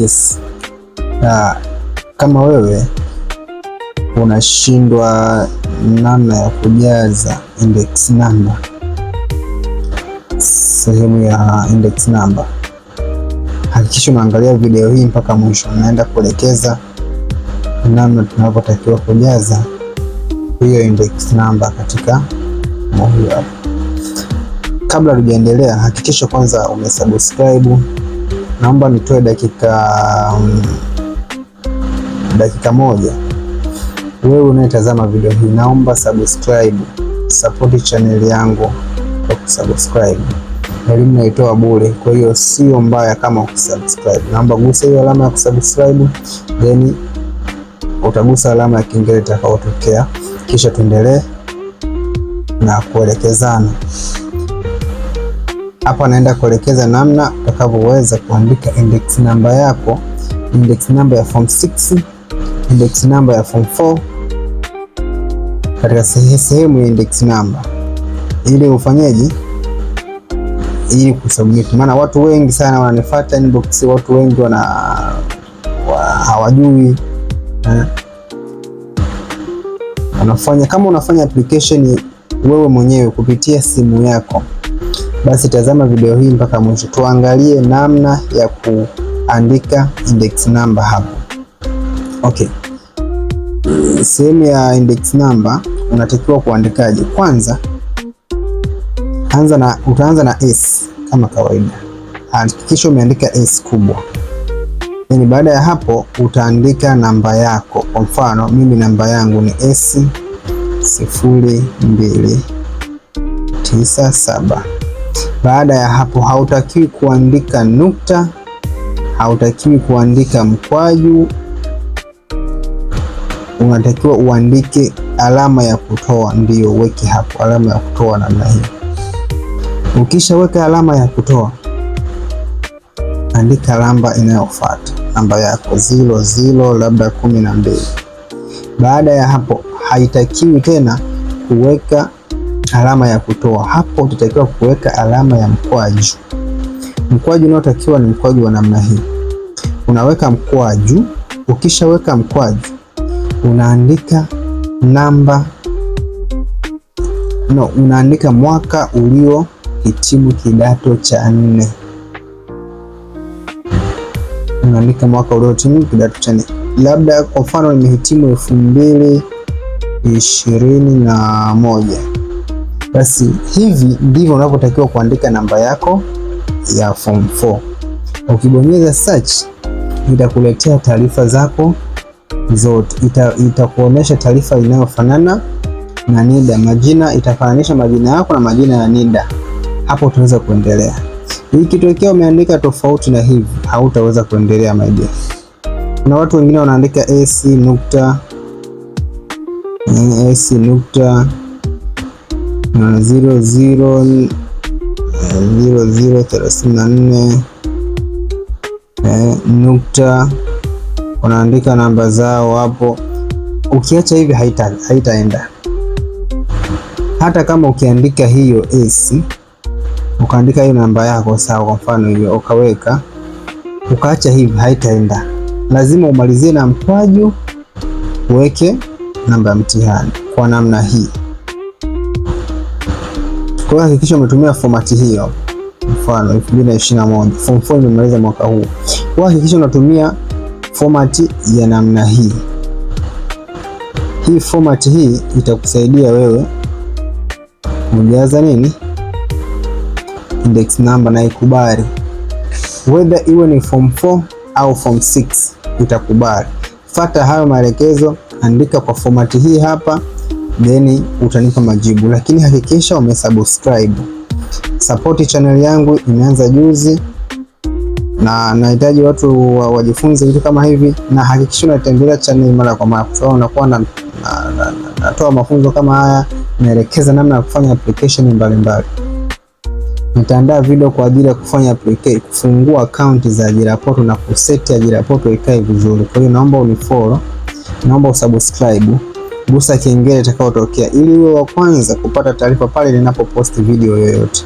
yes. Na kama wewe unashindwa namna ya kujaza index number sehemu ya index number, hakikisha unaangalia video hii mpaka mwisho. Naenda kuelekeza namna tunavyotakiwa kujaza hiyo index number katika moja. Kabla hujaendelea, hakikisha kwanza umesubscribe naomba nitoe dakika um, dakika moja. Wewe unayetazama video hii, naomba subscribe, support channel yangu kwa kusubscribe. Elimu naitoa bure, kwa hiyo sio mbaya kama ukisubscribe. Naomba gusa hiyo alama ya kusubscribe, then utagusa alama ya kengele itakaotokea, kisha tuendelee na kuelekezana. Hapa naenda kuelekeza namna utakavyoweza kuandika index namba yako, index namba ya form 6, index namba ya form 4 katika sehemu ya index number, ili ufanyeje, ili kusubmit. Maana watu wengi sana wananifuata inbox, watu wengi wana hawajui ha. Eh. kama unafanya application wewe mwenyewe kupitia simu yako basi tazama video hii mpaka mwisho, tuangalie namna ya kuandika index number hapo. Okay, sehemu ya index number unatakiwa kuandikaje? Kwanza anza na, utaanza na s kama kawaida, hakikisha umeandika s kubwa Yani, baada ya hapo utaandika namba yako. Kwa mfano mimi namba yangu ni S sifuri mbili tisa saba. Baada ya hapo, hautakiwi kuandika nukta, hautakiwi kuandika mkwaju, unatakiwa uandike alama ya kutoa, ndiyo uweke hapo alama ya kutoa namna hii Ukishaweka alama ya kutoa, andika namba inayofuata, namba yako zilo zilo, labda kumi na mbili. Baada ya hapo, haitakiwi tena kuweka alama ya kutoa. Hapo utatakiwa kuweka alama ya mkwaju. Mkwaju unaotakiwa ni mkwaju wa namna hii, unaweka mkwaju. Ukishaweka mkwaju, unaandika namba no, unaandika mwaka uliohitimu kidato cha nne, unaandika mwaka uliohitimu kidato cha nne. Labda kwa mfano nimehitimu elfu mbili ishirini na moja. Basi hivi ndivyo unavyotakiwa kuandika namba yako ya form 4. Ukibonyeza search itakuletea taarifa zako zote, itakuonyesha ita taarifa inayofanana na NIDA majina, itafananisha majina yako na majina ya NIDA. Hapo utaweza kuendelea. Ikitokea umeandika tofauti na hivi, hautaweza kuendelea my dear. Kuna watu wengine wanaandika AC nukta AC nukta zero zero zero zero na nne nukta, unaandika namba zao hapo. Ukiacha hivi haita haitaenda, hata kama ukiandika hiyo s ukaandika hiyo namba yako sawa, kwa mfano hiyo ukaweka ukaacha hivi haitaenda, lazima umalizie na mkwaju uweke namba ya mtihani kwa namna hii. Kwa hiyo hakikisha umetumia fomati hiyo, mfano 2021 form 4 imemaliza mwaka huu. Kwa hiyo hakikisha unatumia fomati ya namna hii. Hii fomati hii itakusaidia wewe kujaza nini index number na ikubali, whether iwe ni form 4 au form 6 itakubali. Fata hayo maelekezo, andika kwa fomati hii hapa then utanipa majibu, lakini hakikisha umesubscribe. Support channel yangu imeanza juzi na nahitaji watu wajifunze vitu kama hivi, na hakikisha unatembelea channel mara kwa mara, kwa sababu nakuwa na, na, na, natoa mafunzo kama haya, naelekeza namna ya kufanya application mbalimbali. Nitaandaa video kwa ajili ya kufanya application, kufungua account za ajira poto na kuseti ajira poto ikae vizuri. Kwa hiyo naomba unifollow, naomba usubscribe gusa kengele itakayotokea ili uwe wa kwanza kupata taarifa pale ninapoposti video yoyote.